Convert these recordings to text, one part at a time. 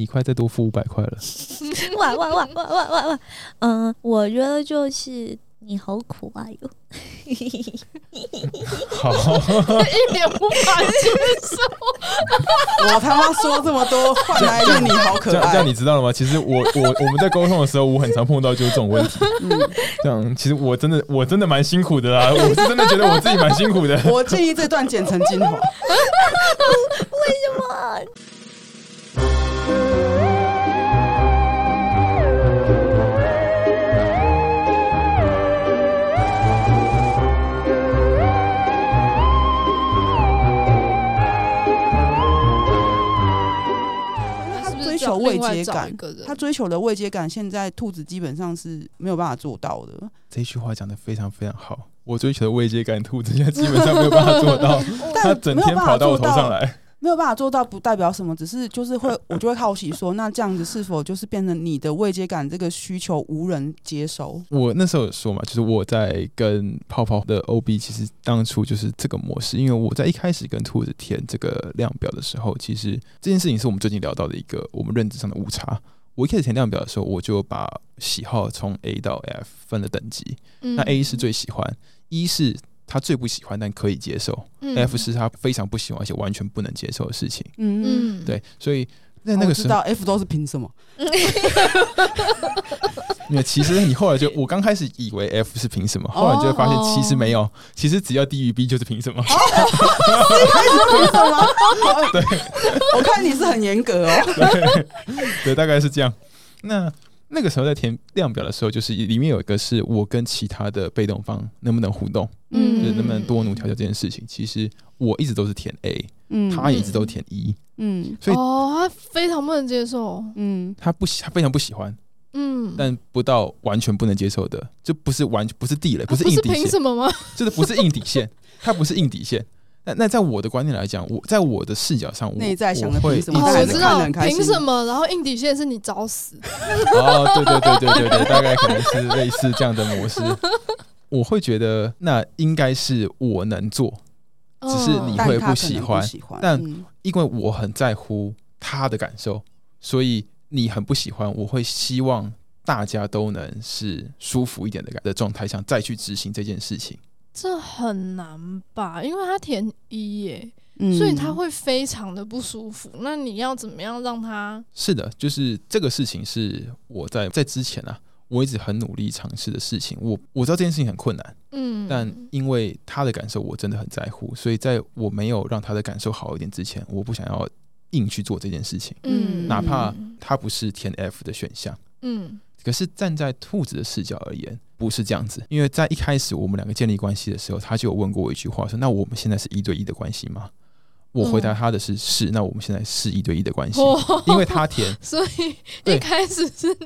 一塊再多付五百塊了， 哇哇哇哇哇哇哇！嗯，我覺得就是你好苦啊喲， 好， 一點無法接受。 我他媽說這麼多話來讓你好可愛，這樣這樣你知道了嗎？其實我我我們在溝通的時候，我很常碰到就是這種問題。嗯，這樣，其實我真的我真的蠻辛苦的啦，我是真的覺得我自己蠻辛苦的。 我建議這段剪成精華， 為什麼？位階感，他追求的位階感，現在兔子基本上是沒有辦法做到的。這句話講得非常非常好，我追求的位階感，兔子現在基本上沒有辦法做到，他 整天跑到我頭上來。沒有辦法做到，不代表什麼，只是就是會，我就會好奇說，那這樣子是否就是變成你的未接感這個需求無人接收？我那時候有說嘛，就是我在跟泡泡的 OB，其實當初就是這個模式，因為我在一開始跟兔子填這個量表的時候，其實這件事情是我們最近聊到的一個我們認知上的誤差。我一開始填量表的時候，我就把喜好從 A 到 F 分了等級，那 A 是最喜歡，嗯、一是。他最不喜歡但可以接受、嗯、F 是他非常不喜歡而且完全不能接受的事情。嗯，嗯對，所以在那個時候、哦、我知道，F 都是憑什麼，因 為 其實你後來就，我剛開始以為 F 是憑什麼，後來就會發現其實沒有，哦哦其實只要低於 B 就是憑什麼。哦哦哦哦哦 一開始憑什麼？對， 我看你是很嚴格哦。對，對，大概是這樣。那。那個時候在填量表的時候，就是裡面有一個是我跟其他的被動方能不能互動，嗯，就是、能不能多努調教這件事情，其實我一直都是填 A，嗯，他也一直都填 E，嗯，所以哦，他非常不能接受，嗯，他不喜，他非常不喜歡，嗯，但不到完全不能接受的，就不是完不是地雷，不是硬底線、啊、不是憑什麼嗎？就是不是硬底線， 他不是硬底線。那在我的觀念來講，我在我的視角上，我一在想的憑什麼我會、哦？我知道憑什麼？然後硬底線是你找死。 哦，對對對對對對， 大概可能是類似這樣的模式。 我會覺得那應該是我能做，只是你會不喜、不喜歡。但因為我很在乎他的感受，所以你很不喜歡，我會希望大家都能是舒服一點的感的狀態下再去執行這件事情。這很難吧，因為他填 E 耶，嗯，所以他會非常的不舒服。那你要怎麼樣讓他？是的，就是這個事情是我在在之前啊，我一直很努力嘗試的事情。我我知道這件事情很困難，嗯，但因為他的感受我真的很在乎，所以在我沒有讓他的感受好一點之前，我不想要硬去做這件事情，嗯，哪怕他不是填 F 的選項，嗯。可是站在兔子的視角而言，不是這樣子，因為在一開始我們兩個建立關係的時候，他就有問過我一句話說：“那我們現在是一對一的關係嗎？”我回答他的是、嗯“是”，那我們現在是一對一的關係，哦，因為他填，所以一開始是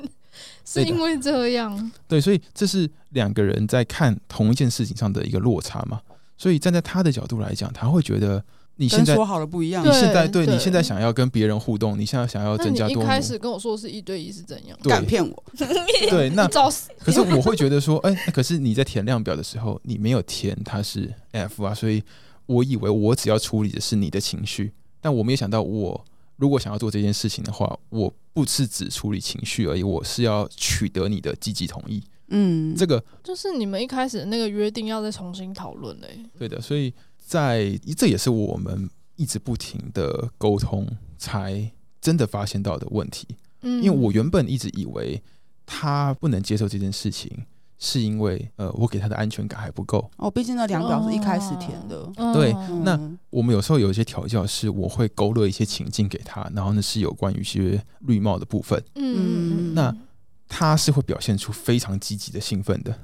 是因為這樣。對，對，所以這是兩個人在看同一件事情上的一個落差嘛。所以站在他的角度來講，他會覺得。你現在說好了不一樣。你現在對，對你現在想要跟別人互動，你現在想要增加多。你一開始跟我說的是一對一是怎樣？敢騙我？對， 對那可是我會覺得說，哎、欸欸，可是你在填量表的時候，你沒有填它是 F 啊，所以我以為我只要處理的是你的情緒，但我沒有想到，我如果想要做這件事情的話，我不是只處理情緒而已，我是要取得你的積極同意。嗯，這個就是你們一開始的那個約定要再重新討論哎，對的，所以。在這也是我們一直不停的溝通，才真的發現到的問題。嗯。因為我原本一直以為他不能接受這件事情，是因為呃，我給他的安全感還不夠。哦，畢竟那兩表是一開始填的。哦嗯。對，那我們有時候有一些調教，是我會勾勒，一些情境給他，然後呢，是有關於一些綠帽的部分。嗯，那他是會表現出非常積極的興奮的。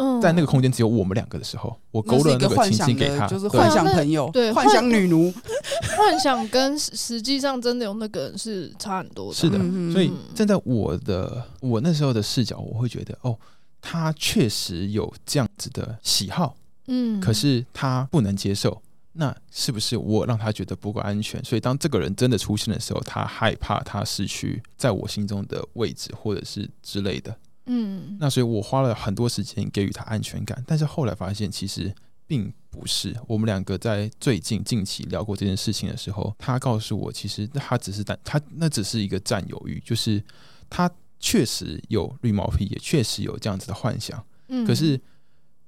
嗯、在那個空間只有我們兩個的時候，我勾勒那個情景給他，就是幻想朋友，對，對對幻想女奴，幻想跟實際上真的有那個人是差很多的，是的。所以站在我的我那時候的視角，我會覺得哦，他確實有這樣子的喜好，嗯，可是他不能接受，那是不是我讓他覺得不夠安全？所以當這個人真的出現的時候，他害怕他失去在我心中的位置，或者是之類的。嗯，那所以我花了很多時間給予他安全感，但是後來發現其實並不是。我們兩個在最近近期聊過這件事情的時候，他告訴我，其實那他只是但他那只是一個占有欲，就是他確實有綠帽癖，也確實有這樣子的幻想。嗯，可是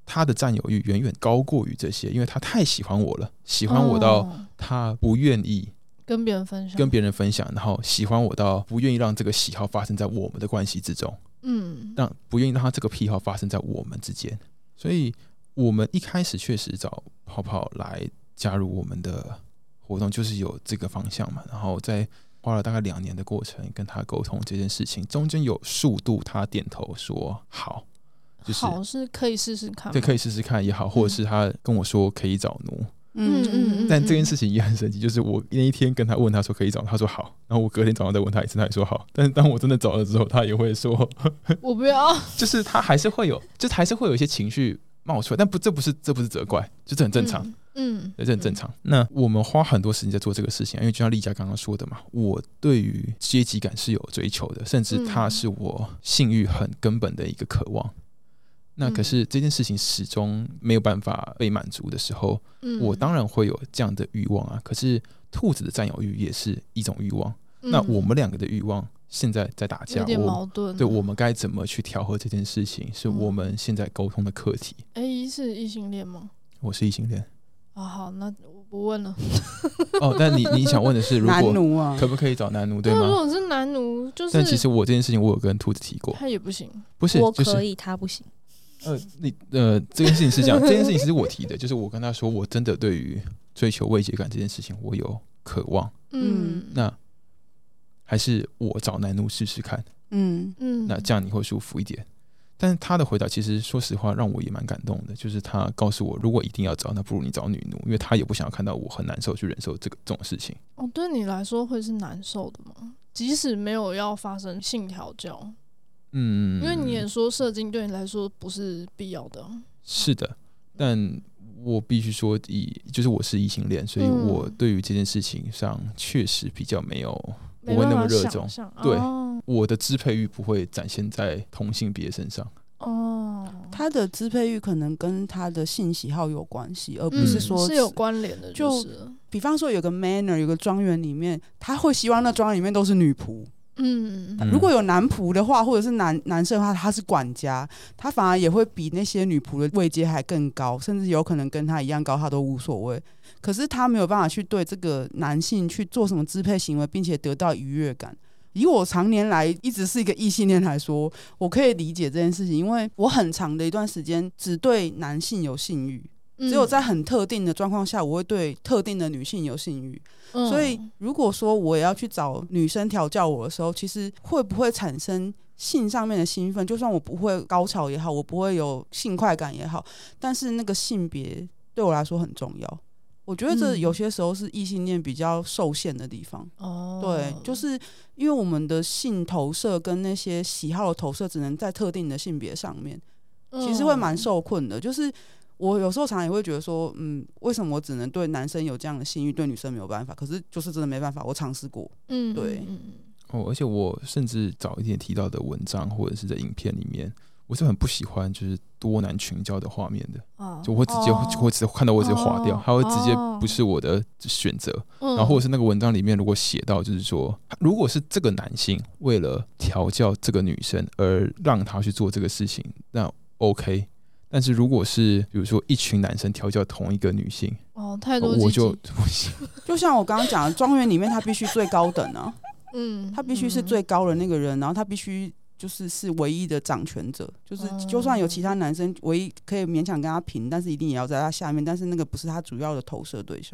他的占有欲遠遠高過於這些，因為他太喜歡我了，喜歡我到他不願意，哦，跟別人分享，跟別人分享，然後喜歡我到不願意讓這個喜好發生在我們的關係之中。嗯，讓不願意讓他這個癖好發生在我們之間，所以我們一開始確實找泡泡來加入我們的活動，就是有這個方向嘛。然後在花了大概兩年的過程跟他溝通這件事情，中間有數度他點頭說好，就是好是可以試試看，對，可以試試看也好，或者是他跟我說可以找奴。嗯嗯嗯嗯，但這件事情也很神奇，就是我那一天跟他問他說，可以找，他說好，然後我隔天早上再問他一次，他也說好。但是當我真的找了之後，他也會說，呵呵我不要，就是他還是會有，就還是會有一些情緒冒出來，但不，這不是，這不是責怪，就這、是、很正常，嗯，嗯對，這很正常。那我們花很多時間在做這個事情，因為就像栗嘉剛剛說的嘛，我對於階級感是有追求的，甚至他是我性欲很根本的一個渴望。那可是這件事情始終沒有辦法被滿足的時候，嗯，我當然會有這樣的欲望啊。可是兔子的占有欲也是一種欲望。嗯、那我們兩個的欲望現在在打架，有矛盾，哦，對我們該怎麼去調和這件事情，是我們現在溝通的課題。A、嗯欸、是異性戀嗎？我是異性戀啊。好，那我不問了。 哦，但你你想問的是，如果、啊、可不可以找男奴？對嗎？如果是男奴，就是。但其實我這件事情，我有跟兔子提過，他也不行。不是，我可以，就是、他不行。呃，你呃，這件事情是這樣， 這件事情是我提的，就是我跟他說，我真的對於追求慰藉感這件事情，我有渴望，嗯，那還是我找男奴試試看，嗯嗯，那這樣你會舒服一點。但是他的回答其實說實話讓我也蠻感動的，就是他告訴我，如果一定要找，那不如你找女奴，因為他也不想要看到我很難受去忍受這個這種事情。哦，對你來說會是難受的嗎？即使沒有要發生性調教？嗯，因為你也說射精對你來說不是必要的。是的，嗯、但我必須說以就是我是異性戀，所以我對於這件事情上確實比較沒有、嗯、不會那麼熱衷。對、哦，我的支配欲不會展現在同性別身上。哦，他的支配欲可能跟他的性喜好有關係，而不是說、嗯嗯，是有關聯的、就是。就比方說，有個 Manor，有個莊園裡面，他會希望那莊園裡面都是女僕。嗯嗯，如果有男僕的話，或者是男男生的話，他是管家，他反而也會比那些女僕的位階還更高，甚至有可能跟他一樣高，他都無所謂。可是他沒有辦法去對這個男性去做什麼支配行為，並且得到愉悅感。以我常年來一直是一個異性戀來說，我可以理解這件事情，因為我很長的一段時間只對男性有性欲。只有在很特定的狀況下、嗯，我會對特定的女性有性慾、嗯。所以，如果說我也要去找女生調教我的時候，其實會不會產生性上面的興奮？就算我不會高潮也好，我不會有性快感也好，但是那個性別對我來說很重要。我覺得這有些時候是異性戀比較受限的地方。哦、嗯，對，就是因為我們的性投射跟那些喜好的投射只能在特定的性別上面，其實會蠻受困的，就是。我有時候常常也會覺得說，嗯，為什麼我只能對男生有這樣的性欲，對女生沒有辦法？可是就是真的沒辦法，我嘗試過，嗯，對，哦，而且我甚至早一點提到的文章或者是在影片裡面，我是很不喜歡就是多男群交的畫面的，哦、啊，就我會直接會、啊、就我只看到我直接劃掉，他、啊、會直接不是我的選擇、啊，然後或者是那個文章裡面如果寫到就是說、嗯，如果是這個男性為了調教這個女生而讓她去做這個事情，那 OK。但是如果是比如說一群男生調教同一個女性，哦，太多、呃、我就不行。 就像我剛剛講的，莊園裡面他必須最高等呢、啊， 嗯，他必須是最高的那個人，嗯、然後他必須就是是唯一的掌權者，就是、嗯、就算有其他男生，唯一可以勉強跟他平，但是一定也要在他下面，但是那個不是他主要的投射對象。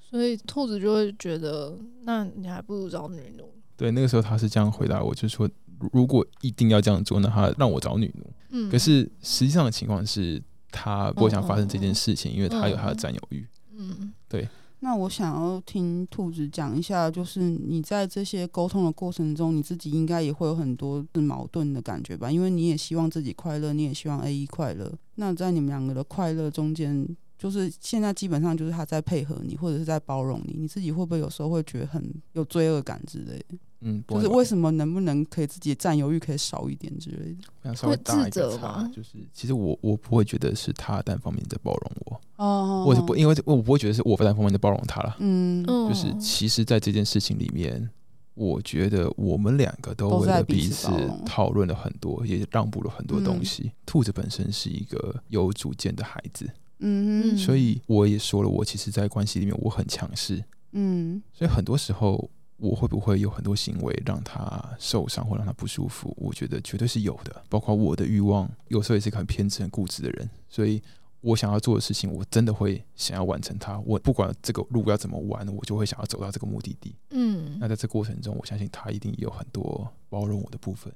所以兔子就會覺得，那你還不如找女人。對，那個時候他是這樣回答我，就是、說。如果一定要這樣做，那他讓我找女奴。嗯，可是實際上的情況是他不想發生這件事情，嗯，因為他有他的占有欲。嗯，對。那我想要聽兔子講一下，就是你在這些溝通的過程中，你自己應該也會有很多的矛盾的感覺吧？因為你也希望自己快樂，你也希望 AE 快樂。那在你們兩個的快樂中間，就是現在基本上就是他在配合你，或者是在包容你。你自己會不會有時候會覺得很有罪惡感之類的？嗯不，就是為什麼能不能可以自己佔有欲可以少一點之類的稍微大一點？會自責吧？就是其實我我不會覺得是他單方面在包容我哦，我就不因為我不會覺得是我單方面在包容他了。嗯，就是其實，在這件事情裡面，嗯、我覺得我們兩個都為了彼此討論了很多，也讓步了很多的東西，嗯。兔子本身是一個有主見的孩子，嗯，所以我也說了，我其實，在關係裡面我很強勢，嗯，所以很多時候。我會不會有很多行為讓他受傷或讓他不舒服？我覺得絕對是有的。包括我的欲望，有時候也是一個很偏執、很固執的人。所以我想要做的事情，我真的會想要完成它。我不管這個路要怎麼玩，我就會想要走到這個目的地。嗯，那在這過程中，我相信他一定也有很多包容我的部分。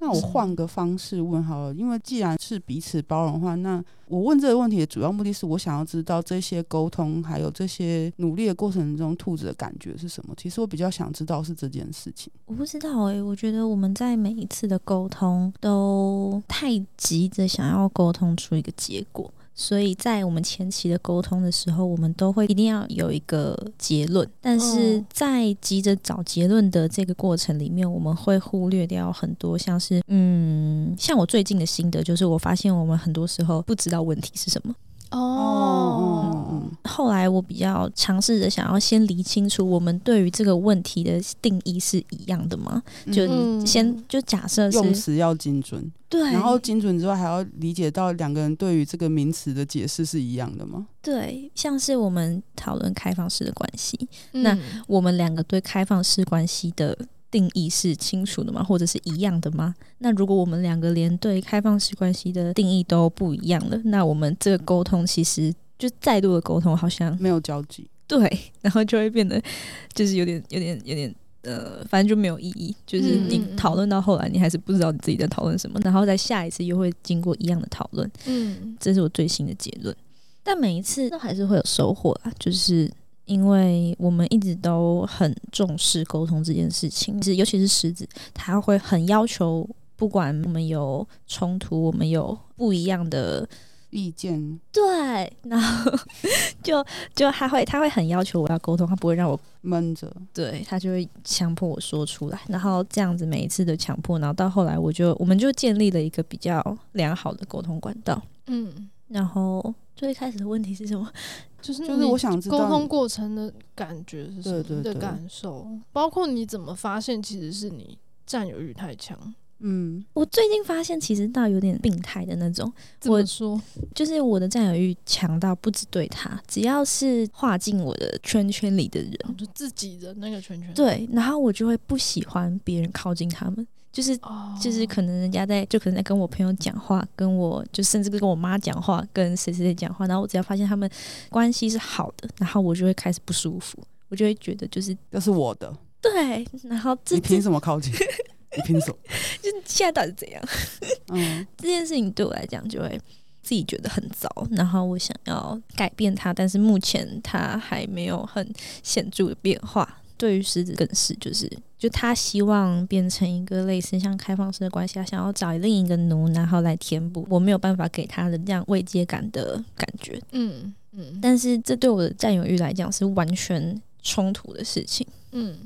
那我換個方式問好了，因為既然是彼此包容的話，那我問這個問題的主要目的是，我想要知道這些溝通還有這些努力的過程中，兔子的感覺是什麼？其實我比較想知道是這件事情。我不知道誒、欸，我覺得我們在每一次的溝通都太急着想要溝通出一個結果。所以在我們前期的溝通的時候，我們都會一定要有一個結論，但是在急着找結論的這個過程裡面，我們會忽略掉很多，像是嗯，像我最近的心得，就是我發現我們很多時候不知道問題是什麼。哦、oh 嗯，後來我比較嘗試着想要先理清楚，我們對於這個問題的定義是一樣的嗎？就先就假設是、嗯嗯、用詞要精準，對，然後精準之外，還要理解到兩個人對於這個名詞的解釋是一樣的嗎？對，像是我們討論開放式的關係、嗯，那我們兩個對開放式關係的。定義是清楚的嗎？或者是一樣的嗎？那如果我們兩個連對開放式關係的定義都不一樣了，那我們這個溝通其實就再度的溝通好像沒有交集。對，然後就會變得就是有點、有點、有點呃，反正就沒有意義。就是你討論到後來，你還是不知道你自己在討論什麼，然後在下一次又會經過一樣的討論。嗯，這是我最新的結論。但每一次都還是會有收穫啊，就是。因為我們一直都很重視溝通這件事情，尤其是獅子，他會很要求，不管我們有衝突，我們有不一樣的意見，對，然後 就就他會他會很要求我要溝通，他不會讓我悶着，對，他就會強迫我說出來，然後這樣子每一次的強迫，然後到後來我就我們就建立了一個比較良好的溝通管道，嗯，然後。最開始的問題是什麼？就是就是我想溝通過程的感覺是什麼？對對對，的感受，包括你怎麼發現其實是你佔有慾太強。嗯，我最近發現其實倒有點病態的那種。怎麼說？就是我的佔有慾強到不止對他，只要是劃進我的圈圈裡的人，就自己的那個圈圈裡。對，然後我就會不喜歡別人靠近他們。就是就是，就是、可能人家在，就可能在跟我朋友講話，跟我就甚至跟我媽講話，跟誰誰誰講話，然後我只要發現他們關係是好的，然後我就會開始不舒服，我就會覺得就是那是我的。對，然後自己，你憑什麼靠近？ 你憑什麼？就現在到底是怎樣？嗯、 這件事情對我來講就會自己覺得很糟，然後我想要改變他，但是目前他還沒有很顯著的變化。對於獅子更是，就是就他希望變成一個類似像開放式的關係，他想要找另一個奴，然後來填補我沒有辦法給他的這樣慰藉感的感覺。嗯嗯，但是這對我的占有欲來講是完全衝突的事情。嗯。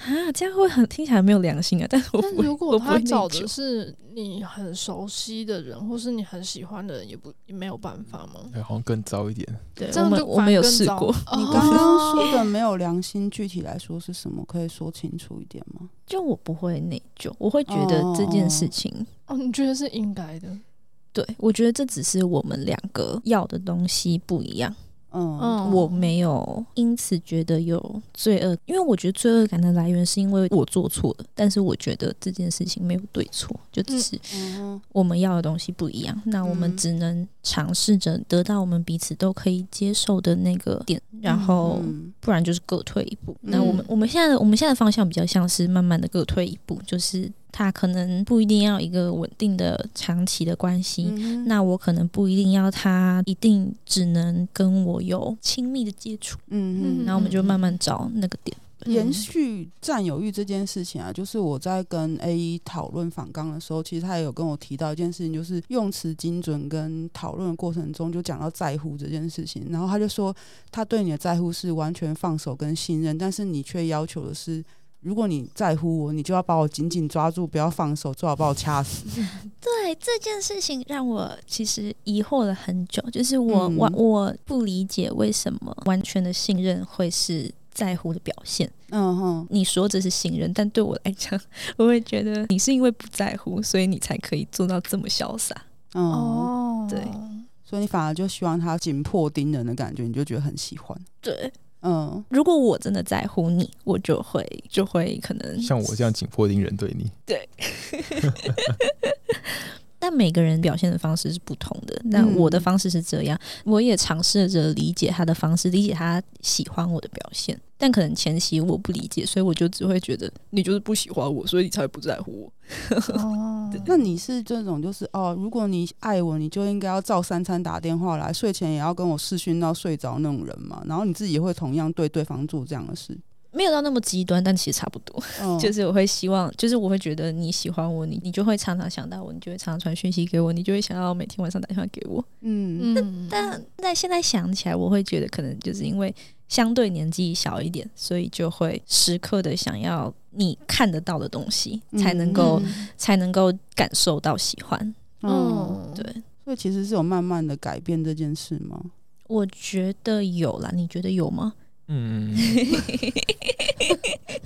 啊，這樣會很聽起來沒有良心啊！但我會但如果他找的是你很熟悉的人，或是你很喜歡的人，也不也沒有辦法嗎？欸，好像更糟一點。對，我沒有試過。哦，你剛剛說的沒有良心，具體來說是什麼？可以說清楚一點嗎？就我不會內疚，我會覺得這件事情哦，哦，你覺得是應該的？對，我覺得這只是我們兩個要的東西不一樣。嗯、oh.，我沒有因此覺得有罪惡，因為我覺得罪惡感的來源是因為我做錯了。但是我覺得這件事情沒有對錯，就是我們要的東西不一樣，那我們只能嘗試着得到我們彼此都可以接受的那個點，然後不然就是各退一步。那我們我們，我們現在的我們現在的方向比較像是慢慢的各退一步，就是。他可能不一定要一個穩定的長期的關係，嗯，那我可能不一定要他一定只能跟我有親密的接觸，嗯哼嗯，然後我們就慢慢找那個點。嗯、延續占有欲這件事情啊，就是我在跟 AE 討論訪綱的時候，其實他也有跟我提到一件事情，就是用詞精準跟討論的過程中就講到在乎這件事情，然後他就說他對你的在乎是完全放手跟信任，但是你卻要求的是。如果你在乎我，你就要把我緊緊抓住，不要放手，最好把我掐死。 對這件事情，讓我其實疑惑了很久，就是我、嗯、我我不理解為什麼完全的信任會是在乎的表現。嗯哼，你說這是信任，但對我來講，我會覺得你是因為不在乎，所以你才可以做到這麼瀟灑。嗯、哦，對，所以你反而就希望他緊迫盯人的感覺，你就覺得很喜歡。對。嗯，如果我真的在乎你，我就會就會可能像我這樣緊迫盯人對你。對。 那每個人表現的方式是不同的。那我的方式是這樣，嗯、我也嘗試着理解他的方式，理解他喜歡我的表現。但可能前期我不理解，所以我就只會覺得你就是不喜歡我，所以你才不在乎我。 哦，那你是這種就是哦，如果你愛我，你就應該要照三餐打電話來，睡前也要跟我視訊到睡着那種人嘛。然後你自己也會同樣對對方做這樣的事。沒有到那麼極端，但其實差不多，哦、就是我會希望，就是我會覺得你喜歡我，你你就會常常想到我，你就會常常傳訊息給我，你就會想要每天晚上打電話給我。嗯嗯。但但現在想起來，我會覺得可能就是因為相對年紀小一點，所以就會時刻的想要你看得到的東西，才能夠、嗯嗯、才能夠感受到喜歡。哦，對，所以其實是有慢慢的改變這件事嗎？我覺得有啦，你覺得有嗎？嗯，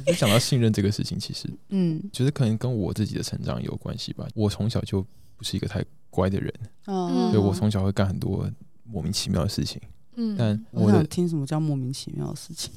一 想到信任這個事情，其實嗯，其實可能跟我自己的成長有關係吧。我從小就不是一個太乖的人，嗯，對，我從小會幹很多莫名其妙的事情，嗯，但我聽什麼叫莫名其妙的事情，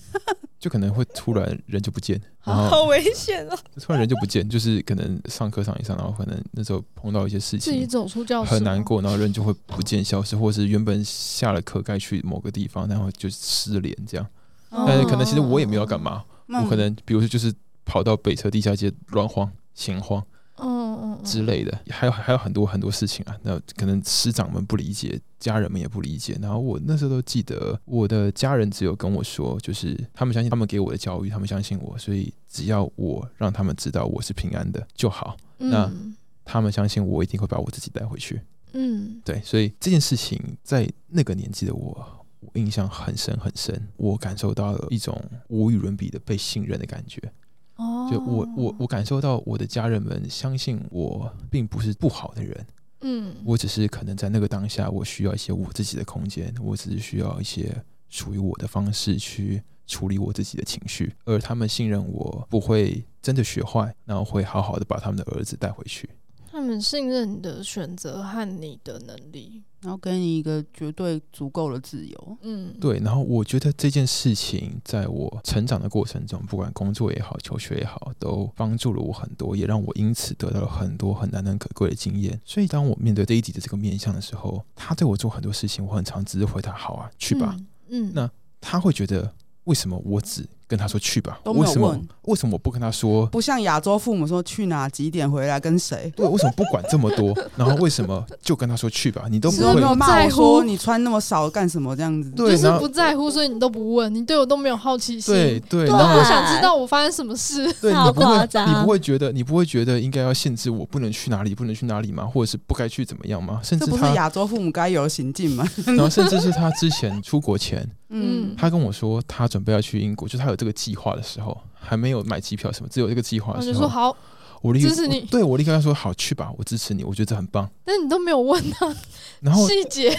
就可能會突然人就不見，好危險哦！突然人就不見，就是可能上課上一上，然後可能那時候碰到一些事情，自己走出教室，很難過，然後人就會不見消失，或是原本下了課該去某個地方，然後就失聯這樣。但是可能其實我也沒有幹嘛，我可能比如說就是跑到北車地下街亂晃，閒晃，之類的，還有還有很多很多事情啊。那可能師長們不理解，家人們也不理解。然後我那時候都記得，我的家人只有跟我說，就是他們相信他們給我的教育，他們相信我，所以只要我讓他們知道我是平安的就好。那他們相信我一定會把我自己帶回去。嗯，對，所以這件事情在那個年紀的我。我印象很深很深，我感受到了一種無與倫比的被信任的感覺。哦，就我我我感受到我的家人們相信我並不是不好的人，嗯，我只是可能在那個當下我需要一些我自己的空間，我只是需要一些屬於我的方式去處理我自己的情緒，而他們信任我不會真的學壞，然後會好好的把他們的兒子帶回去。他們信任你的選擇和你的能力，然後給你一個絕對足夠的自由。嗯，對。然後我覺得這件事情在我成長的過程中，不管工作也好，求學也好，都幫助了我很多，也讓我因此得到了很多很難能可貴的經驗。所以，當我面對這一級的這個面向的時候，他對我做很多事情，我很常只是回答“好啊，去吧”。嗯。嗯，那他會覺得為什麼我只？跟他說去吧，都沒有問，為什麼？為什麼我不跟他說？不像亞洲父母說去哪、幾點回來、跟誰？對，為什麼不管這麼多？然後為什麼就跟他說去吧？你都沒有在乎？你穿那麼少幹什麼？這樣子？對，就是不在乎，所以你都不問，你對我都沒有好奇心，對，你都不想知道我發生什麼事，好誇張、啊。你不會覺得？你不會覺得應該要限制我不能去哪裡，不能去哪裡嗎？或者是不該去怎麼樣嗎？甚至這不是亞洲父母該有的行徑嗎？然後，甚至是他之前出國前，嗯，他跟我說他準備要去英國，就他。這個計劃的時候還沒有買機票什麼，只有這個計劃的時候，我就說好，我立刻你我對我立刻說好，去吧，我支持你，我覺得這很棒。但你都沒有問他，然後細節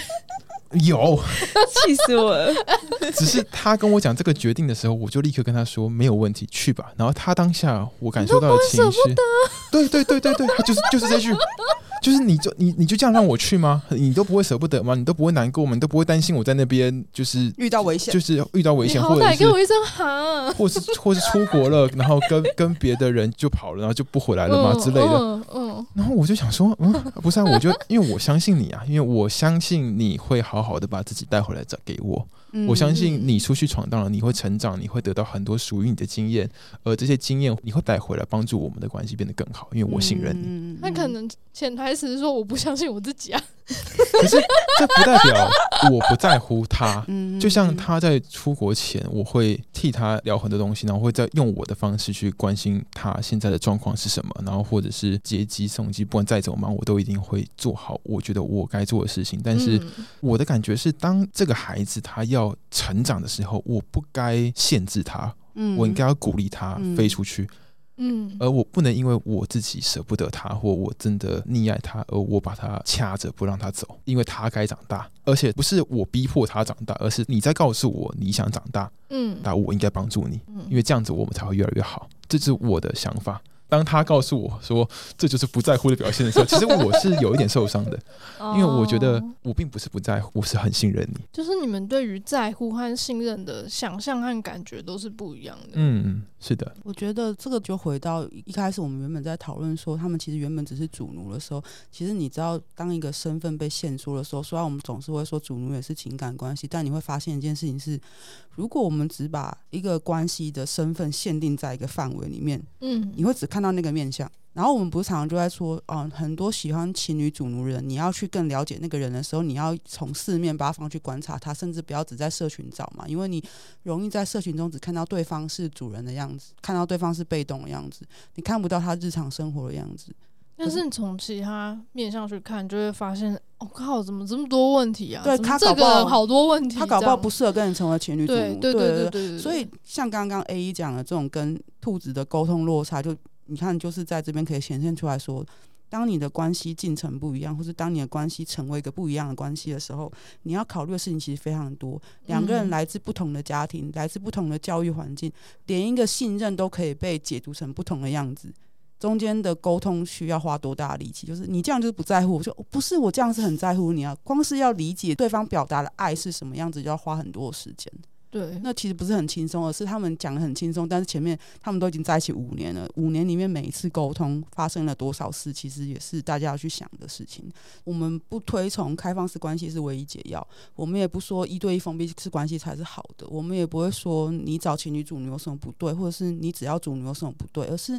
有氣死我了。只是他跟我講這個決定的時候，我就立刻跟他說沒有問題，去吧。然後他當下我感受到的情緒、啊，對對對對對，他就是就是這句。就是你就你你就這樣讓我去嗎？你都不會舍不得嗎？你都不會難過嗎？你都不會擔心我在那邊就是遇到危險，就是遇到危險、啊，或者跟我一聲喊，或是或是出國了，然後跟跟別的人就跑了，然後就不回來了嘛、哦、之類的。嗯、哦哦，然後我就想說，嗯，不是，啊，我就因為我相信你啊，因為我相信你會好好的把自己帶回來，再給我。我相信你出去闖蕩了，你會成長，你會得到很多屬於你的經驗，而這些經驗你會帶回來幫助我們的關係變得更好。因為我信任你。那、嗯、可能潛台詞是說我不相信我自己啊。 可是這不代表我不在乎他。 就像他在出國前，我會替他聊很多東西，然後會再用我的方式去關心他現在的狀況是什麼，然後或者是接機送機，不管再怎麼忙，我都一定會做好我覺得我該做的事情。但是我的感覺是，當這個孩子他要。成長的時候，我不該限制他，嗯、我應該要鼓勵他飛出去、嗯嗯。而我不能因為我自己捨不得他，或我真的溺愛他，而我把他掐着不讓他走，因為他該長大。而且不是我逼迫他長大，而是你在告訴我你想長大。嗯、那我應該幫助你，因為這樣子我們才會越來越好。這是我的想法。當他告訴我說這就是不在乎的表現的時候， 其實我是有一點受傷的， 因為我覺得我並不是不在乎，我是很信任你。就是你們對於在乎和信任的想象和感覺都是不一樣的。嗯嗯，是的。我覺得這個就回到一開始我們原本在討論說，他們其實原本只是主奴的時候，其實你知道，當一個身份被限縮的時候，雖然我們總是會說主奴也是情感關係，但你會發現一件事情是。如果我們只把一個關係的身份限定在一個範圍裡面，嗯，你會只看到那個面向。然後我們不是常常就在說，嗯、啊，很多喜歡情侶主奴人，你要去更了解那個人的時候，你要從四面八方去觀察他，甚至不要只在社群找嘛，因為你容易在社群中只看到對方是主人的樣子，看到對方是被動的樣子，你看不到他日常生活的樣子。但是你從其他面向去看，就會發現，我、哦、靠，怎麼這麼多問題啊？對，他這個人好多問題，他搞不好不適合跟你成為情侶。對對對對對,對。所以像剛剛 AE 講的這種跟兔子的溝通落差，就你看就是在這邊可以顯現出來說，當你的關係進程不一樣，或是當你的關係成為一個不一樣的關係的時候，你要考慮的事情其實非常多。兩個人來自不同的家庭，嗯、來自不同的教育環境，連一個信任都可以被解讀成不同的樣子。中間的溝通需要花多大的力氣，就是你這樣就是不在乎，我就、哦、不是，我這樣是很在乎你啊。光是要理解對方表達的愛是什麽樣子，就要花很多時間。對，那其實不是很輕鬆，而是他們講得很輕鬆，但是前面他們都已經在一起五年了，五年裡面每一次溝通發生了多少事，其實也是大家要去想的事情。我們不推崇開放式關係是唯一解藥，我們也不說一對一封閉式關係才是好的，我們也不會說你找情侶主女主你有什麽不對，或者是你只要主女有什麽不對，而是，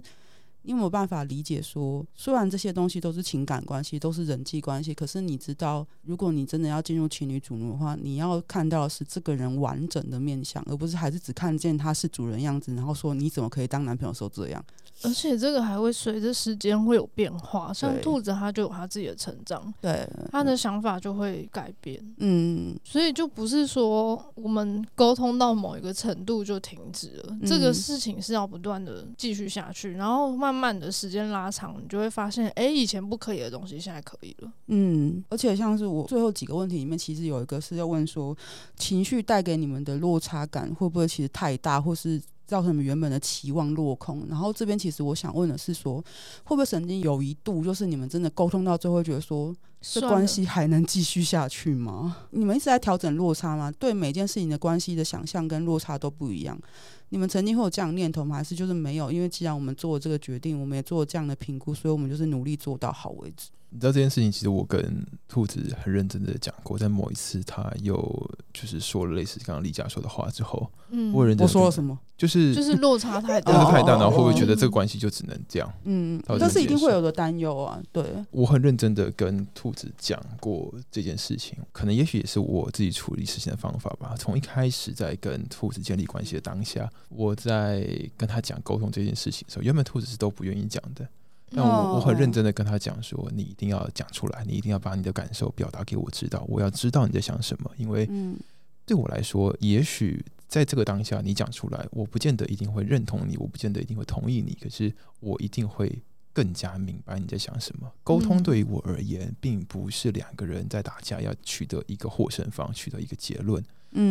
你沒有辦法理解說，雖然這些東西都是情感關係，都是人際關係，可是你知道，如果你真的要進入情侶主奴的話，你要看到的是這個人完整的面相，而不是還是只看見他是主人樣子，然後說你怎麼可以當男朋友的時候這樣。而且這個還會隨着時間會有變化，像兔子他就有他自己的成長，對，他的想法就會改變，嗯，所以就不是說我們溝通到某一個程度就停止了，嗯、這個事情是要不斷的繼續下去，然後慢慢的時間拉長，你就會發現，誒、欸，以前不可以的東西現在可以了，嗯，而且像是我最後幾個問題裡面，其實有一個是要問說，情緒帶給你們的落差感會不會其實太大，或是？造成你們原本的期望落空，然後這邊其實我想問的是說，說會不會曾經有一度，就是你們真的溝通到最後，覺得說這關係還能繼續下去嗎？你們一直在調整落差嗎？對每件事情的關係的想象跟落差都不一樣，你們曾經會有這樣的念頭嗎？還是就是沒有？因為既然我們做了這個決定，我們也做了這樣的評估，所以我們就是努力做到好為止。你知道這件事情，其實我跟兔子很認真的講過。在某一次，他又就是說了類似剛剛栗嘉說的話之後，嗯，我認真、就是，我說了什麼？就是就是落差太大，落、嗯、差、嗯、太大，然後會不會覺得這個關係就只能這樣，嗯，這？嗯，但是一定會有的擔憂啊，對。我很認真的跟兔子講過這件事情，可能也許也是我自己處理事情的方法吧。從一開始在跟兔子建立關係的當下，我在跟他講溝通這件事情的時候，原本兔子是都不願意講的。但我我很認真的跟他講說，你一定要講出來，你一定要把你的感受表達給我知道，我要知道你在想什麼。因為對我來說，也許在這個當下你講出來，我不見得一定會認同你，我不見得一定會同意你，可是我一定會更加明白你在想什麼。溝通對於我而言，並不是兩個人在打架，要取得一個獲勝方，取得一個結論，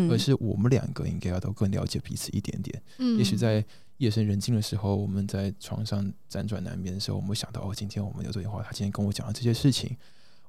而是我們兩個應該要都更了解彼此一點點。也許在。夜深人靜的時候，我們在床上輾轉難眠的時候，我們會想到哦，今天我們有對話，他今天跟我講了這些事情，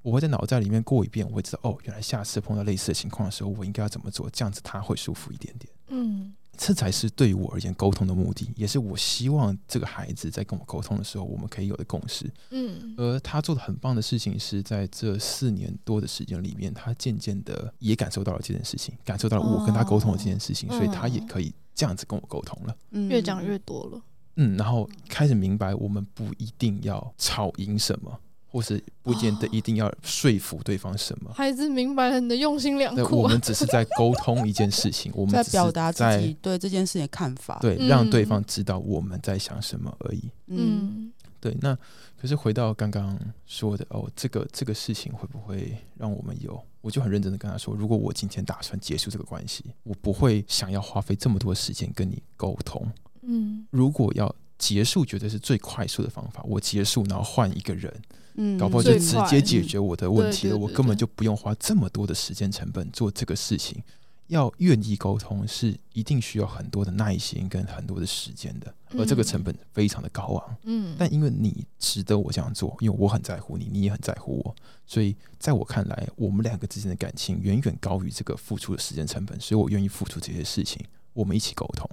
我會在腦袋裡面過一遍，我會知道：‘哦，原來下次碰到類似的情況的時候，我應該要怎麼做，這樣子他會舒服一點點。嗯，這才是對於我而言溝通的目的，也是我希望這個孩子在跟我溝通的時候，我們可以有的共識。嗯，而他做的很棒的事情，是在這四年多的時間裡面，他漸漸的也感受到了這件事情，感受到了我跟他溝通的這件事情，哦、所以他也可以。這樣子跟我溝通了，嗯、越講越多了。嗯，然後開始明白，我們不一定要吵贏什麼，或是不見得一定要說服對方什麼。哦、孩子明白了你的用心良苦，我們只是在溝通一件事情， 我們只是在，在表達自己對這件事情的看法，對，讓對方知道我們在想什麼而已。嗯，對，那。可是回到剛剛說的哦，這個這個事情會不會讓我們有？我就很認真的跟他說，如果我今天打算結束這個關係，我不會想要花費這麼多時間跟你溝通。嗯，如果要結束，絕對是最快速的方法。我結束，然後換一個人，嗯，搞不好就直接解決我的問題了。嗯、對對對對，我根本就不用花這麼多的時間成本做這個事情。要願意溝通是一定需要很多的耐心跟很多的時間的，而這個成本非常的高昂。嗯，但因為你值得我這樣做，因為我很在乎你，你也很在乎我，所以在我看來，我們兩個之間的感情遠遠高於這個付出的時間成本，所以我願意付出這些事情，我們一起溝通。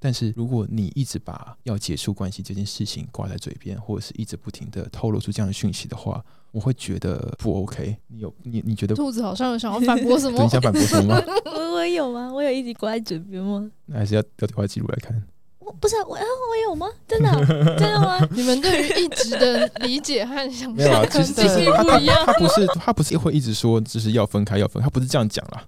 但是如果你一直把要結束關係這件事情掛在嘴邊，或者是一直不停地透露出這樣的訊息的話，我會覺得不 OK。你有你你覺得兔子好像有想要反駁什麼？等一下反駁什麼？ 我我有嗎？我有一直掛在嘴邊嗎？那還是要要電話記錄來看。我不是我我有嗎？真的、啊、真的嗎？ 你們對於一直的理解和想象、 啊、其、其實不一樣他他。他不是他不是會一直說就是要分開要分，他不是這樣講啦。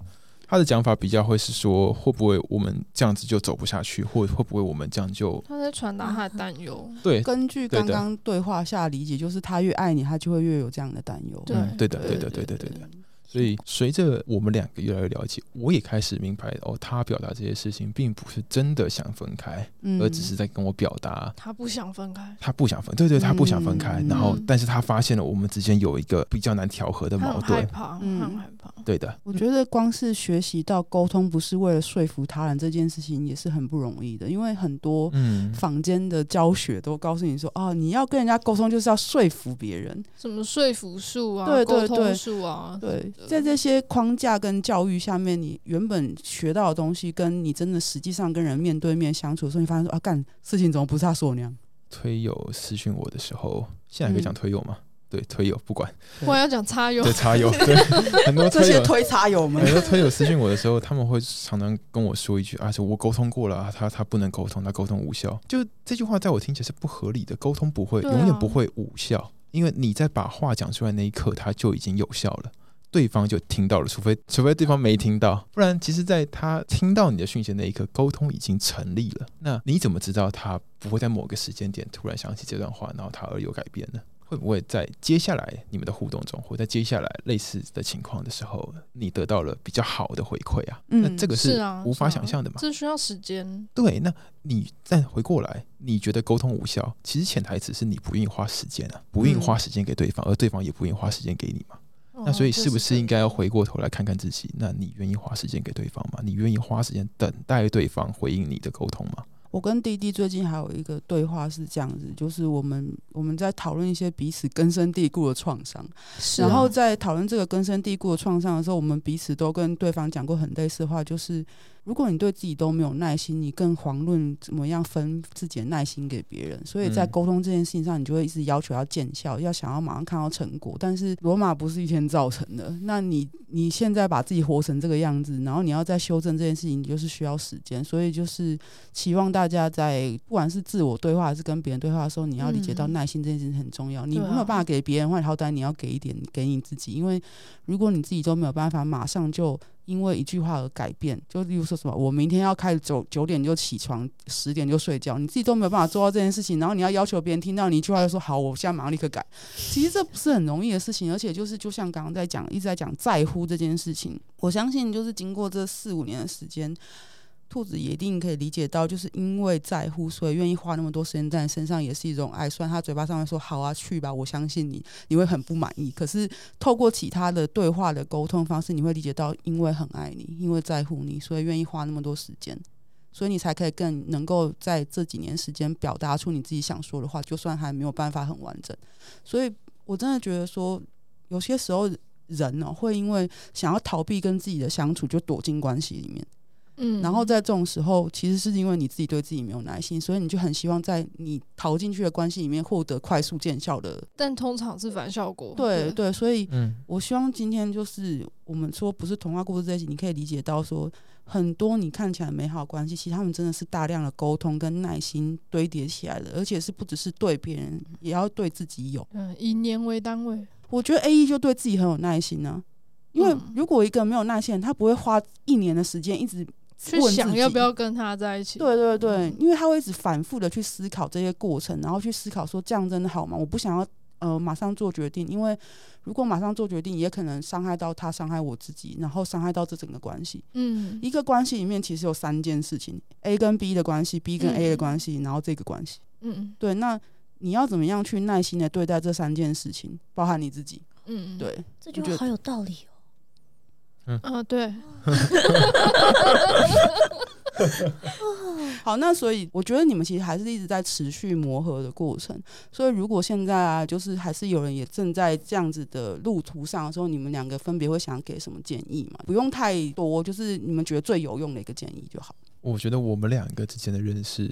他的講法比較會是說，會不會我們這樣子就走不下去，會會不會我們這樣就……他在傳達他的擔憂。啊，對，根據剛剛對話下理解，就是他越愛你，他就會越有這樣的擔憂。對。嗯，對，對，對的，對的，對對對的。所以隨着我們兩個越來越了解，我也開始明白哦，他表達這些事情並不是真的想分開，嗯、而只是在跟我表達他不想分開，他不想分，對對，對、嗯，他不想分開。然後，但是他發現了我們之間有一個比較難調和的矛盾，他很害怕，嗯、很害怕。對的，我覺得光是學習到溝通不是為了說服他人這件事情也是很不容易的，因為很多坊間的教學都告訴你說哦、嗯啊，你要跟人家溝通就是要說服別人，什麼說服術啊，溝通術啊，對。在這些框架跟教育下面，你原本學到的東西，跟你真的實際上跟人面對面相處的時候，你發現說啊，幹，事情怎麼不是他說那樣？推友私訊我的時候，現在可以講推友嗎、嗯？對，推友不管，我要講插友，對插 友，對，很多這些推插友們，很多推友私訊我的時候，他們會常常跟我說一句啊，是我溝通過了、啊，他他不能溝通，他溝通無效。就這句話，在我聽起來是不合理的，溝通不會，啊、永遠不會無效，因為你在把話講出來那一刻，它就已經有效了。對方就聽到了，除非除非對方沒聽到，不然其實，在他聽到你的訊息那一刻，溝通已經成立了。那你怎麼知道他不會在某個時間點突然想起這段話，然後他而有改變呢？會不會在接下來你們的互動中，或在接下來類似的情況的時候，你得到了比較好的回饋啊、嗯？那這個是無法想象的嘛、啊啊？這需要時間。對，那你再回過來，你覺得溝通無效，其實潛台詞是你不願意花時間啊，不願意花時間給對方、嗯，而對方也不願意花時間給你嘛。那所以是不是應該要回過頭來看看自己、哦？那你願意花時間給對方嗎？你願意花時間等待對方回應你的溝通嗎？我跟蒂蒂最近還有一個對話是這樣子，就是我們我們在討論一些彼此根深蒂固的創傷，然後在討論這個根深蒂固的創傷的時候，我們彼此都跟對方講過很類似的話，就是。如果你對自己都沒有耐心，你更遑論怎麼樣分自己的耐心給別人。所以在溝通這件事情上，你就會一直要求要見效，要想要馬上看到成果。但是羅馬不是一天造成的。那你你現在把自己活成這個樣子，然後你要再修正這件事情，你就是需要時間。所以就是希望大家在不管是自我對話還是跟別人對話的時候，你要理解到耐心這件事情很重要、嗯。你沒有辦法給別人的話，你好歹你要給一點給你自己，因為如果你自己都沒有辦法，馬上就。因為一句話而改變，就例如說什麼，我明天要開始走，九點就起床，十點就睡覺。你自己都沒有辦法做到這件事情，然後你要要求別人聽到你一句話就說好，我現在馬上立刻改，其實這不是很容易的事情，而且就是就像剛剛在講，一直在講在乎這件事情，我相信就是經過這四五年的時間。兔子也一定可以理解到，就是因為在乎，所以願意花那麼多時間在你身上，也是一種愛。雖然他嘴巴上面說“好啊，去吧”，我相信你，你會很不滿意。可是透過其他的對話的溝通方式，你會理解到，因為很愛你，因為在乎你，所以願意花那麼多時間，所以你才可以更能夠在這幾年時間表達出你自己想說的話，就算還沒有辦法很完整。所以我真的覺得說，有些時候人哦，會因為想要逃避跟自己的相處，就躲進關係裡面。嗯，然後在這種時候，其實是因為你自己對自己沒有耐心，所以你就很希望在你逃進去的關係裡面獲得快速見效的，但通常是反效果。對對，所以嗯，我希望今天就是我們說不是童話故事這一集，你可以理解到說，很多你看起來美好的關係，其實他們真的是大量的溝通跟耐心堆疊起來的，而且是不只是對別人，也要對自己有。嗯，以年為單位，我覺得 AE 就對自己很有耐心呢、啊，因為如果一個沒有耐心，他不會花一年的時間一直。去，去想要不要跟他在一起？對對對，嗯、因為他會一直反覆的去思考這些過程，然後去思考說，這樣真的好嗎？我不想要呃馬上做決定，因為如果馬上做決定，也可能傷害到他，傷害我自己，然後傷害到這整個關係。嗯，一個關係裡面其實有三件事情：A 跟 B 的關係，B 跟 A 的關係，嗯，然後這個關係。嗯嗯，對。那你要怎麼樣去耐心的對待這三件事情？包含你自己。嗯嗯，對。這就好有道理哦。嗯、哦，對。 好，那所以我覺得你們其實還是一直在持續磨合的過程。所以如果現在啊，就是還是有人也正在這樣子的路途上的時候，你們兩個分別會想給什麼建議嘛？不用太多，就是你們覺得最有用的一個建議就好。我覺得我們兩個之間的認識。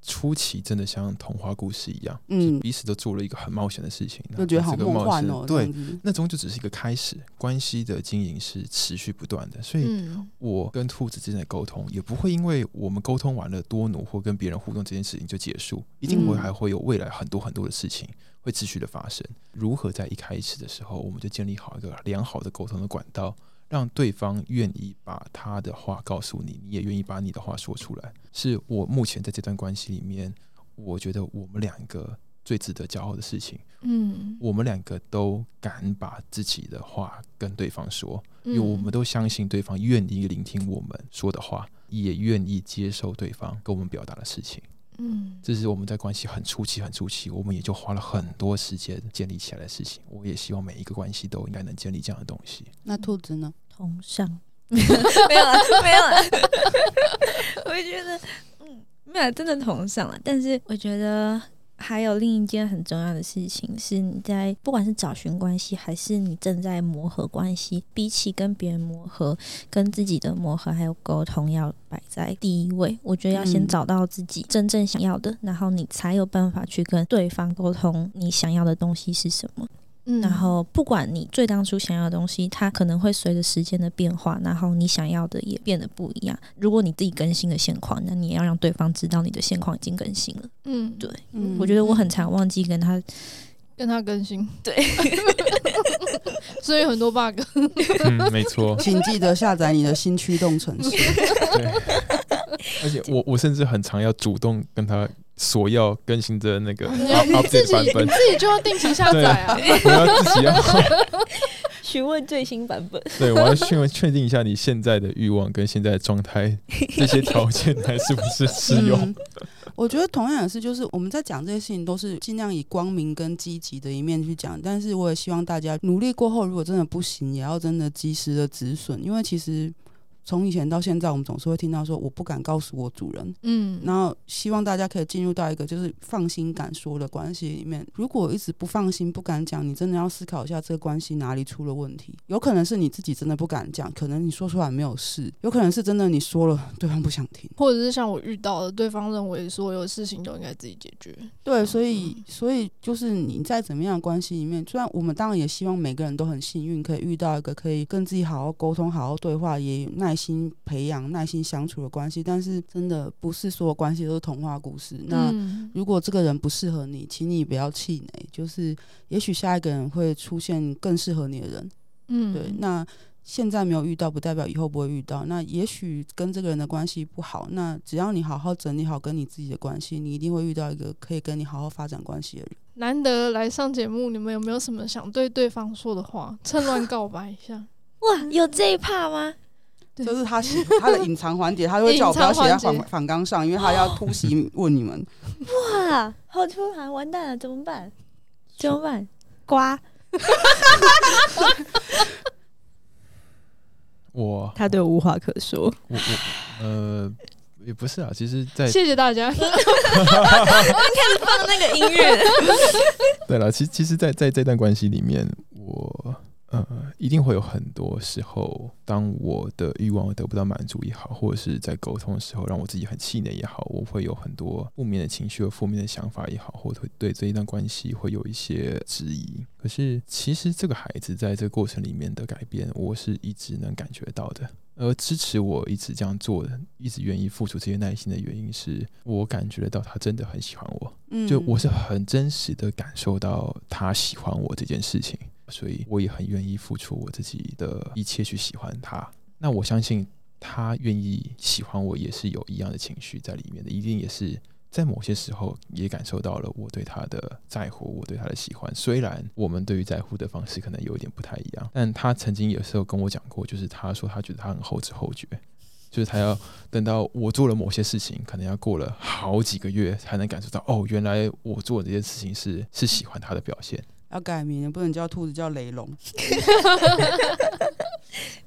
初期真的像童話故事一樣，嗯，彼此都做了一個很冒險的事情，就覺得好夢幻哦，但這個冒險，對，那終究只是一個開始，關係的經營是持續不斷的，所以，我跟兔子之間的溝通也不會因為我們溝通完了多久或跟別人互動這件事情就結束，一定我還會有未來很多很多的事情會持續的發生。嗯、如何在一開始的時候我們就建立好一個良好的溝通的管道？讓對方願意把他的話告訴你，你也願意把你的話說出來，是我目前在這段關係裡面，我覺得我們兩個最值得驕傲的事情。嗯，我們兩個都敢把自己的話跟對方說，因為我們都相信對方願意聆聽我們說的話，也願意接受對方跟我們表達的事情。嗯，這是我們在關係很初期、很初期，我們也就花了很多時間建立起來的事情。我也希望每一個關係都應該能建立這樣的東西。那兔子呢？同上， 沒有了，沒有了。我覺得，嗯，沒有真的同上了，但是我覺得。還有另一件很重要的事情，是你在不管是找尋關係，還是你正在磨合關係，比起跟別人磨合，跟自己的磨合還有溝通要擺在第一位。我覺得要先找到自己真正想要的，然後你才有辦法去跟對方溝通你想要的東西是什麼。嗯、然後，不管你最當初想要的東西，它可能會隨着時間的變化，然後你想要的也變得不一樣。如果你自己更新的現況，那你也要讓對方知道你的現況已經更新了。嗯，對，嗯、我覺得我很常忘記跟他跟他更新，對， 所以很多 bug。 嗯，沒錯，請記得下載你的新驅動程序。 而且我我甚至很常要主動跟他索要更新的那個 update 版本，你自己，你自己就要定期下載啊。我要自己要詢問最新版本。對，我要詢問確定一下你現在的欲望跟現在的狀態這些條件還是不是適用、 嗯。我覺得同樣也是，就是我們在講這些事情，都是盡量以光明跟積極的一面去講。但是我也希望大家努力過後，如果真的不行，也要真的及時的止損，因為其實。從以前到現在，我們總是會聽到說“我不敢告訴我主人”，嗯，然後希望大家可以進入到一個就是放心敢說的關係裡面。如果一直不放心、不敢講，你真的要思考一下這個關係哪裡出了問題。有可能是你自己真的不敢講，可能你說出來沒有事，有可能是真的你說了對方不想聽，或者是像我遇到的，對方認為所有事情都應該自己解決。嗯。對，所以所以就是你在怎麼樣的關係裡面，雖然我們當然也希望每個人都很幸運，可以遇到一個可以跟自己好好溝通、好好對話，也有耐。心培養耐心相處的關係，但是真的不是所有關係都是童話故事。嗯。那如果這個人不適合你，請你不要氣餒，就是也許下一個人會出現更適合你的人。嗯，對，那現在沒有遇到，不代表以後不會遇到。那也許跟這個人的關係不好，那只要你好好整理好跟你自己的關係，你一定會遇到一個可以跟你好好發展關係的人。難得來上節目，你們有沒有什麼想對對方說的話？趁亂告白一下。 哇，有這一趴嗎？就是他 他的隱藏環節，他就會叫我不要寫在訪訪綱上，因為他要突襲問你們。哦、 哇，好突然，完蛋了，怎麼辦？怎麼辦？瓜。我 他對我無話可說。我我，我呃也不是啊，其實在，在謝謝大家。我 剛 開始放那個音樂。對了，其 其實在，在在這段關係裡面，呃、嗯，一定會有很多時候，當我的慾望得不到滿足也好，或者是在溝通的時候讓我自己很氣餒也好，我會有很多負面的情緒和負面的想法也好，或者會對這一段關係會有一些質疑。可是，其實這個孩子在這個過程裡面的改變，我是一直能感覺到的。而支持我一直這樣做的，一直願意付出這些耐心的原因是，是我感覺得到他真的很喜歡我，就我是很真實的感受到他喜歡我這件事情。所以我也很願意付出我自己的一切去喜歡他。那我相信他願意喜歡我，也是有一樣的情緒在裡面的。一定也是在某些時候也感受到了我對他的在乎，我對他的喜歡。雖然我們對於在乎的方式可能有一點不太一樣，但他曾經有時候跟我講過，就是他說他覺得他很後知後覺，就是他要等到我做了某些事情，可能要過了好幾個月才能感受到哦，原來我做的這件事情是是喜歡他的表現。要改名，不能叫兔子，叫雷龍。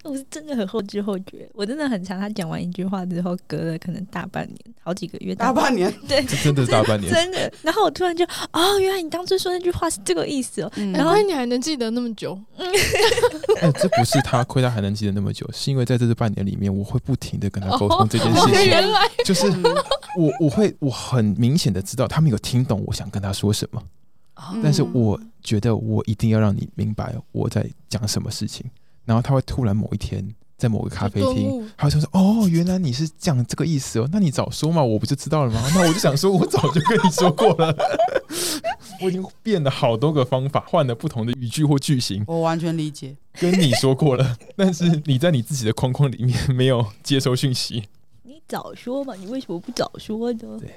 我是真的很後知後覺，我真的很常。他講完一句話之後，隔了可能大半年，好幾個月，大半年，半年，對，這真的是大半年，真，真的。然後我突然就，哦，原來你當初說那句話是這個意思哦。嗯、然後、哎、你還能記得那麼久。嗯、 哎，這不是他虧他還能記得那麼久，是因為在這半年裡面，我會不停的跟他溝通這件事情。哦、原來就是、嗯、我，我會我很明顯的知道他沒有聽懂我想跟他說什麼。但是我覺得我一定要讓你明白我在講什麼事情。然後他會突然某一天在某個咖啡廳、嗯，他會說：“哦，原來你是講這個意思哦，那你早說嘛，我不就知道了嗎？那我就想說，我早就跟你說過了， 我已經變了好多個方法，換了不同的語句或句型。我完全理解，跟你說過了，但是你在你自己的框框裡面沒有接收訊息。你早說嘛，你為什麼不早說呢？對。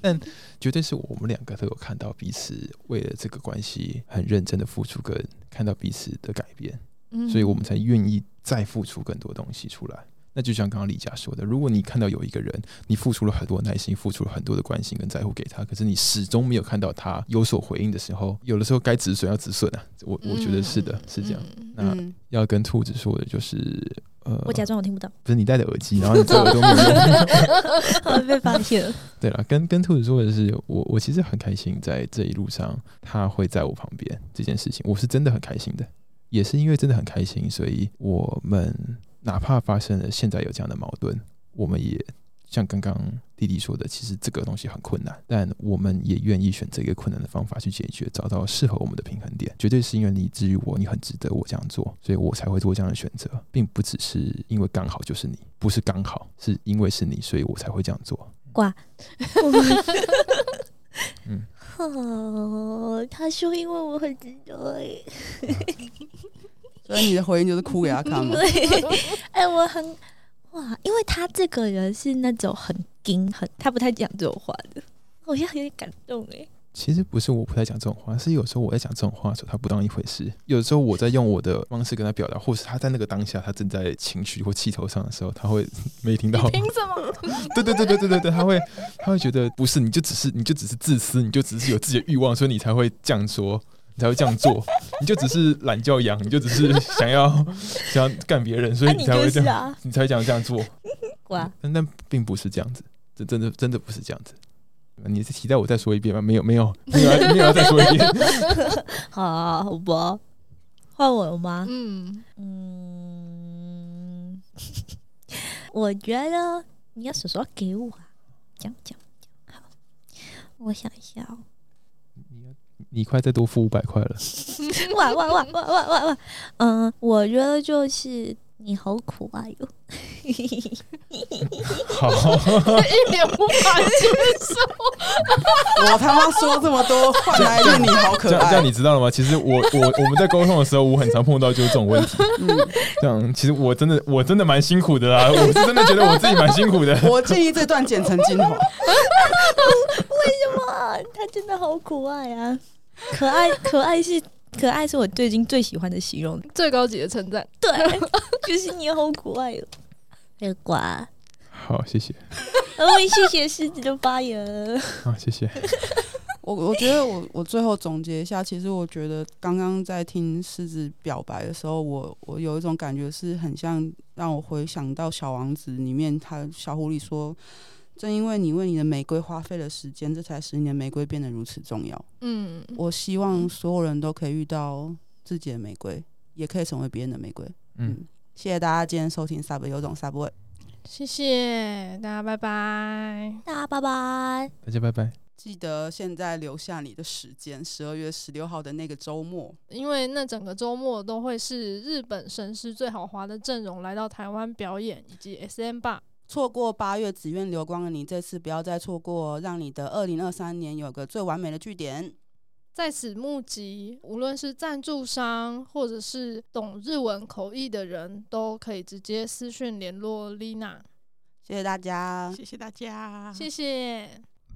但絕對是我們兩個都有看到彼此為了這個關係很認真的付出，跟看到彼此的改變，嗯、所以我們才願意再付出更多東西出來。那就像剛剛栗嘉說的，如果你看到有一個人，你付出了很多耐心，付出了很多的關心跟在乎給他，可是你始終沒有看到他有所回應的時候，有的時候該止損要止損啊！我我覺得是的、嗯，是這樣。那要跟兔子說的，就是。呃，我假裝我聽不到，不是你戴着耳機，然後你耳朵沒有聽到，被發現了。對了，跟跟兔子說的是，我我其實很開心，在這一路上，他會在我旁邊這件事情，我是真的很開心的。也是因為真的很開心，所以我們哪怕發生了現在有這樣的矛盾，我們也像剛剛。弟弟說的，其實這個東西很困難，但我們也願意選擇一個困難的方法去解決，找到適合我們的平衡點。絕對是因為你治癒我，你很值得我這樣做，所以我才會做這樣的選擇，並不只是因為剛好就是你，不是剛好，是因為是你，所以我才會這樣做。掛。 嗯、哦。他說因為我很值得， 所以你的回應就是哭給他看嘛。對，哎，我很。哇，因為他這個人是那種很精、很他不太講這種話的，我覺得有點感動哎、欸。其實不是我不太講這種話，是有時候我在講這種話的時候，他不當一回事；有時候我在用我的方式跟他表達，或是他在那個當下他正在情緒或氣頭上的時候，他會沒聽到。憑什麼？對 對對對對對，他會他會覺得不是，你就只是你就只是自私，你就只是有自己的欲望，所以你才會這樣說。你才會這樣做，你就只是懶叫癢，你就只是想要 想要幹別人，所以你才會這樣，啊你、啊、你才會想這樣做。哇！但但並不是這樣子，這真的真的不是這樣子。你是期待我再說一遍嗎？沒有沒有沒你也要再說一遍。好、啊，我不換、啊、我了嗎？嗯嗯， 我覺得你要說說給我講講講。好，我想一下、哦。你快再多付五百塊了！哇哇哇哇哇哇哇！嗯、呃，我覺得就是你好可愛喲、哦。 好， 一點無法我他媽說這麼多，換來你好可愛。這樣這樣你知道了嗎？其實我我我們在溝通的時候，我很常碰到就是這種問題。 嗯、這樣，其實我真的我真的蠻辛苦的啦。我是真的覺得我自己蠻辛苦的。 我建議這段剪成精華。為什麼？他真的好可愛啊！可愛，可愛是可愛，是我最近最喜歡的形容，最高級的稱讚。對， 就是你好可愛喲、喔。別管。好，謝謝。 我謝謝獅子的發言。好，謝謝。我我覺得我我最後總結一下，其實我覺得剛剛在聽獅子表白的時候，我我有一種感覺，是很像讓我回想到《小王子》裡面，他小狐狸說。正因為你為你的玫瑰花費了時間，這才使你的玫瑰變得如此重要。嗯，我希望所有人都可以遇到自己的玫瑰，也可以成為別人的玫瑰。嗯，嗯謝謝大家今天收聽 Sub 有種 Sub on the way，謝謝大家拜拜，大家拜拜，大家拜拜，大家拜拜，記得現在留下你的時間，十二月十六號的那個周末，因為那整個周末都會是日本神師最豪華的陣容來到台灣表演，以及 SM 吧。錯過八月，只願流光的你，這次不要再錯過，讓你的二零二三年有個最完美的句點。在此募集，無論是贊助商或者是懂日文口譯的人，都可以直接私訊聯絡麗娜。謝謝大家，謝謝大家，謝謝。